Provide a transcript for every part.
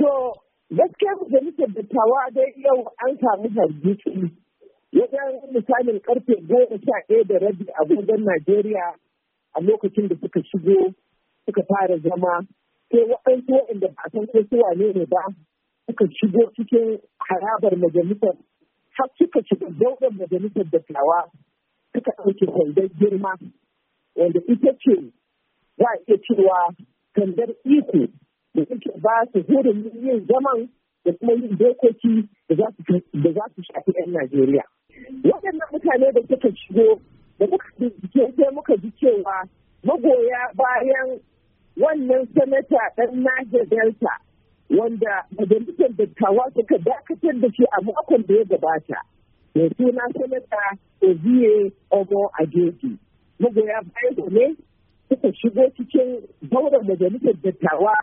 To gaskiya majalisar dattawa dai yau an samu hargitsi wajen misalin karfe goma sha ɗaya da rabi a gogon Najeriya a lokacin da suka shigo suka fara zama sai waɗansu waɗanda ba a san ko su wane ne ba suka shigo cikin harabar majalisar har suka shiga zauren majalisar dattawa suka ɗauke sandar girma wanda ita ce za a iya cewa sandar iko ba su hurin yin zaman da kuma yin dokoki da za su shafi 'yan Najeriya. Waɗannan mutane da suka shigo da muka sai muka ji cewa magoya bayan wannan sanata ɗan Niger Delta wanda majalisar dattawa suka dakatar da shi a makon da ya gabata. Mai suna sanata Ozie Omo Ajeji. Magoya bayan ne suka shigo cikin daular majalisar dattawa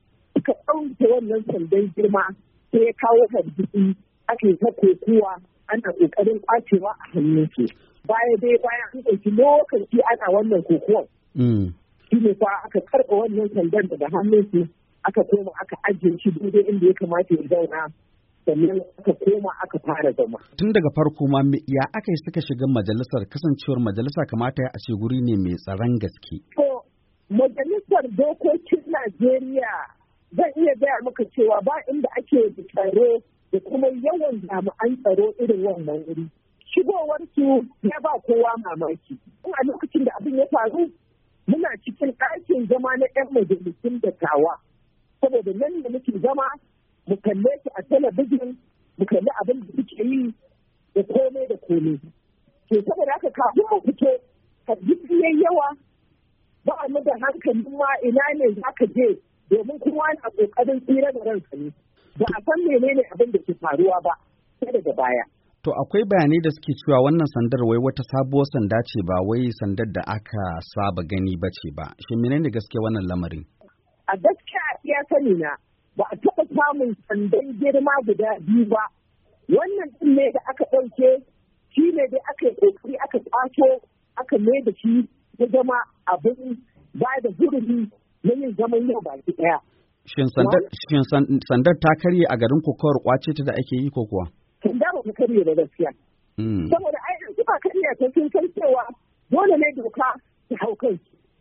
aka ɗauke wannan sandan girma sai ya kawo hargitsi ake ta kokuwa ana ƙoƙarin kwacewa a su baya dai bayan an ɗauki lokaci ana wannan kokuwan mm. shi ne fa aka karɓa wannan sandan daga su aka koma aka ajiye shi daidai inda ya kamata ya zauna sannan aka koma aka fara zama. Tun daga farko ma ya aka yi suka shiga majalisar kasancewar majalisa kamata ya ce guri ne mai tsaron gaske. To majalisar dokokin Najeriya zan iya gaya maka cewa ba inda ake da tsaro da kuma yawan jami'an tsaro irin wannan wuri. su ya ba kowa mamaki. In a lokacin da abin ya faru, muna cikin ɗakin zama na 'yan majalisun dattawa. Saboda nan da muke zama, mu kalle su a talabijin, mu kalle abin da suke yi da komai da komai. To saboda haka kafin mu fito, ka yawa ba mu da hankalin ma ina ne za ka je domin wani na kokarin tsira da ransa ne ba a san menene abin da ke faruwa ba sai daga baya To akwai bayanai da suke cewa wannan sandar wai wata sabuwar sanda ce ba wai sandar da aka saba gani ba ce ba. Shi menene gaske wannan lamarin? A gaskiya ya sani na ba a taɓa samun sandan girma guda biyu ba. Wannan ɗin ne da aka ɗauke shi ne dai aka yi ƙoƙari aka ƙwato aka mai da shi ya zama abin ba da hurumi na yin zaman yau baki ɗaya. Shin sandar ta karye a garin kokowar kwace ta da ake yi ko kuwa? Sandar ba ta karye da gaskiya. Hmm. Saboda ai in ba karye ta sun san cewa dole ne doka ta hau kai.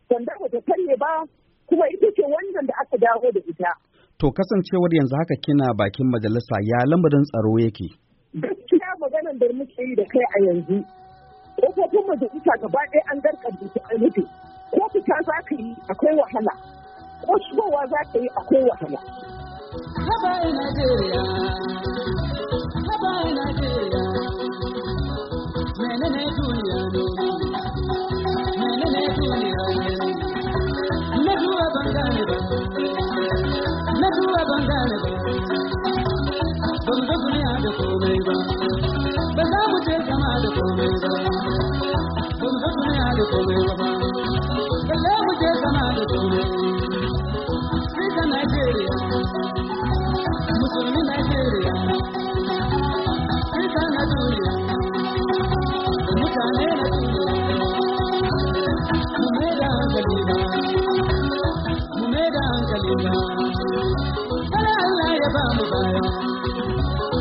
Sandar ba ta karye ba kuma ita ce wannan da aka dawo da ita. To kasancewar yanzu haka kina bakin majalisa ya lamarin tsaro yake. Gaskiya maganar da muke yi da kai a yanzu. Ƙofofin majalisa gaba ɗaya an garkar da su a Goodbye, Nigeria. Goodbye, Nigeria. मैंने दुनिया मैंने दुनिया नगुआ बंगाल नगुआ बंगाल तुम दुनिया को नहीं बता मुझे समाज को नहीं तुम दुनिया को नहीं Allah ya ba mu baya